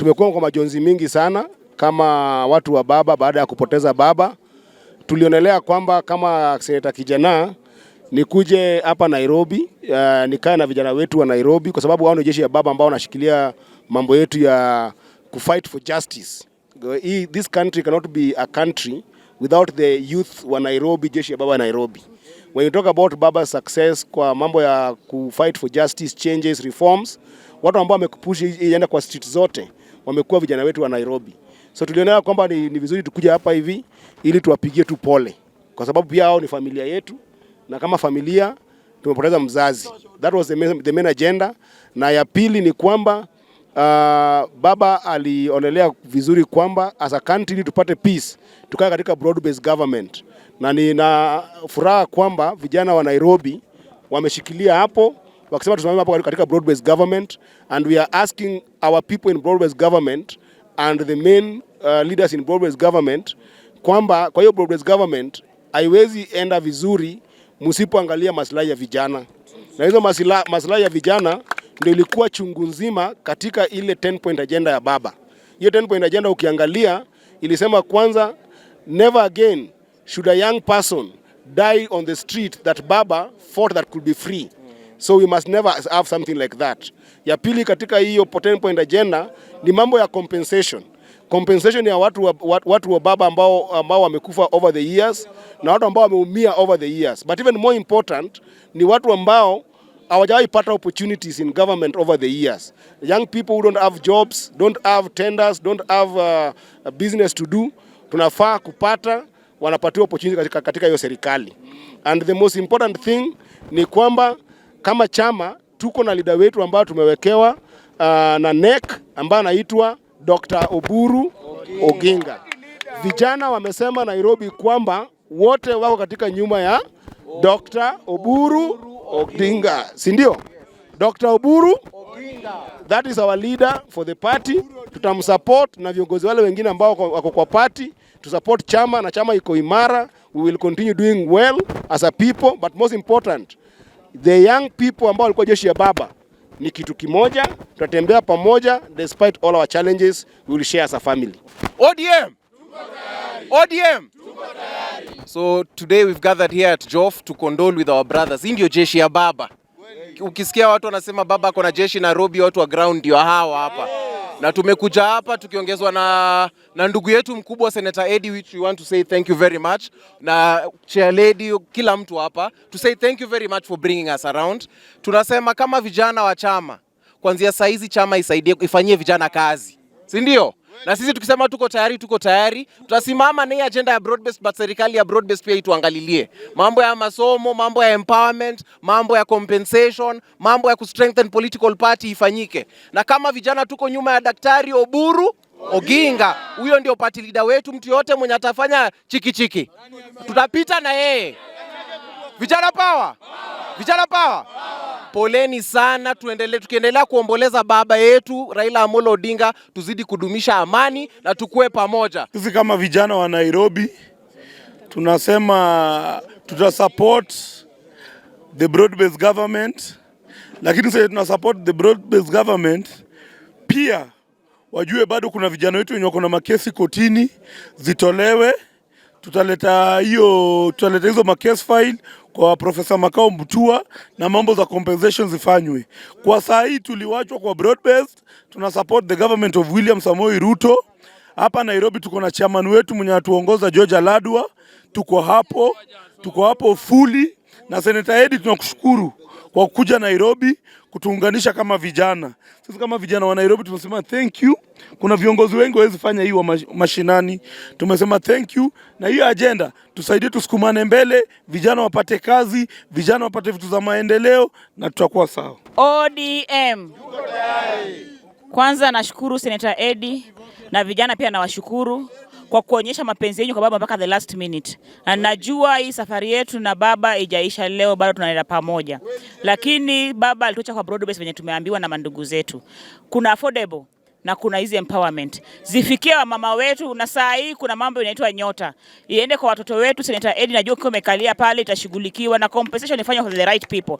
Tumekuwa kwa majonzi mingi sana kama watu wa baba baada ya kupoteza baba. Tulionelea kwamba kama seneta kijana nikuje hapa Nairobi, uh, nikae na vijana wetu wa Nairobi kwa sababu wao ni jeshi ya baba ambao wanashikilia mambo yetu ya kufight for justice. This country cannot be a country without the youth wa Nairobi, jeshi ya baba wa Nairobi. When you talk about baba's success kwa mambo ya kufight for justice, changes, reforms, watu ambao wamekupush iende kwa street zote wamekuwa vijana wetu wa Nairobi. So tulionea kwamba ni, ni vizuri tukuja hapa hivi ili tuwapigie tu pole, kwa sababu pia hao ni familia yetu, na kama familia tumepoteza mzazi. That was the main, the main agenda. Na ya pili ni kwamba uh, baba alionelea vizuri kwamba as a country ili tupate peace tukae katika broad based government, na nina furaha kwamba vijana wa Nairobi wameshikilia hapo wakisema tusimame hapo katika broad based government and we are asking our people in broad based government and the main uh, leaders in broad based government kwamba kwa hiyo broad based government haiwezi enda vizuri msipoangalia maslahi ya vijana, na hizo maslahi ya vijana ndio ilikuwa chungu nzima katika ile 10 point agenda ya baba. Hiyo 10 point agenda ukiangalia, ilisema kwanza, never again should a young person die on the street that baba fought that could be free So we must never have something like that. Ya pili katika hiyo 10 point agenda ni mambo ya compensation compensation ya watu wa, watu wa baba ambao ambao wamekufa over the years na watu ambao wameumia over the years, but even more important ni watu ambao hawajawahi pata opportunities in government over the years, young people who don't have jobs, don't have tenders, don't have uh, business to do. Tunafaa kupata wanapatiwa opportunity katika, katika hiyo serikali, and the most important thing ni kwamba kama chama tuko na leader wetu ambao tumewekewa uh, na NEC ambaye anaitwa Dr. Oburu Oginga. Vijana wamesema Nairobi kwamba wote wako katika nyuma ya Dr. Oburu Oginga, si ndio? Dr. Oburu that is our leader for the party. Tutamsupport na viongozi wale wengine ambao wako kwa party, tusupport chama na chama iko imara. We will continue doing well as a people but most important the young people ambao walikuwa jeshi ya baba ni kitu kimoja, tutatembea pamoja despite all our challenges, we will share as a family. ODM ODM So today we've gathered here at Jof to condole with our brothers. Hii ndio jeshi ya baba. Ukisikia watu wanasema baba ako na jeshi Nairobi, watu wa ground ndio hawa hapa na tumekuja hapa tukiongezwa na, na ndugu yetu mkubwa Senator Eddie which we want to say thank you very much, na chair lady, kila mtu hapa to say thank you very much for bringing us around. Tunasema kama vijana wa chama, kuanzia saizi hizi chama isaidie, ifanyie vijana kazi, si ndio? na sisi tukisema tuko tayari, tuko tayari, tutasimama na hii agenda ya broad based, but serikali ya broad based pia ituangalilie mambo ya masomo, mambo ya empowerment, mambo ya compensation, mambo ya kustrengthen political party ifanyike, na kama vijana tuko nyuma ya Daktari Oburu Oginga, huyo ndio party leader wetu. Mtu yote mwenye atafanya chikichiki tutapita na yeye. Vijana power, vijana power poleni sana, tuendelee tukiendelea kuomboleza baba yetu Raila Amolo Odinga, tuzidi kudumisha amani na tukue pamoja. Sisi kama vijana wa Nairobi tunasema tuta support the broad based government, lakini sasa tuna support the broad based government pia wajue bado kuna vijana wetu wenye wako na makesi kotini, zitolewe. Tutaleta hiyo tutaleta hizo makesi file kwa Profesa Makao Mtua na mambo za compensation zifanywe. Kwa saa hii tuliwachwa kwa broad based, tuna support the government of William Samoei Ruto. Hapa Nairobi tuko na chairman wetu mwenye atuongoza George Aladwa, tuko hapo, tuko hapo fully na Senator Edi, tunakushukuru kwa kuja Nairobi kutuunganisha kama vijana. sisi kama vijana wa Nairobi tumesema thank you. Kuna viongozi wengi wawezi fanya hii wa mashinani, tumesema thank you. Na hiyo ajenda tusaidie, tusukumane mbele, vijana wapate kazi, vijana wapate vitu za maendeleo, na tutakuwa sawa. ODM kwanza, nashukuru Senator Edi na vijana pia nawashukuru kwa kuonyesha mapenzi yenu kwa baba mpaka the last minute, na najua hii safari yetu na baba ijaisha leo, bado tunaenda pamoja, lakini baba alitocha kwa broad base venye tumeambiwa na mandugu zetu, kuna affordable na kuna hizi empowerment zifikie wamama wetu, na saa hii kuna mambo inaitwa nyota iende kwa watoto wetu. Senator Edi, najua ukiwa umekalia pale itashughulikiwa na compensation ifanywe kwa the right people.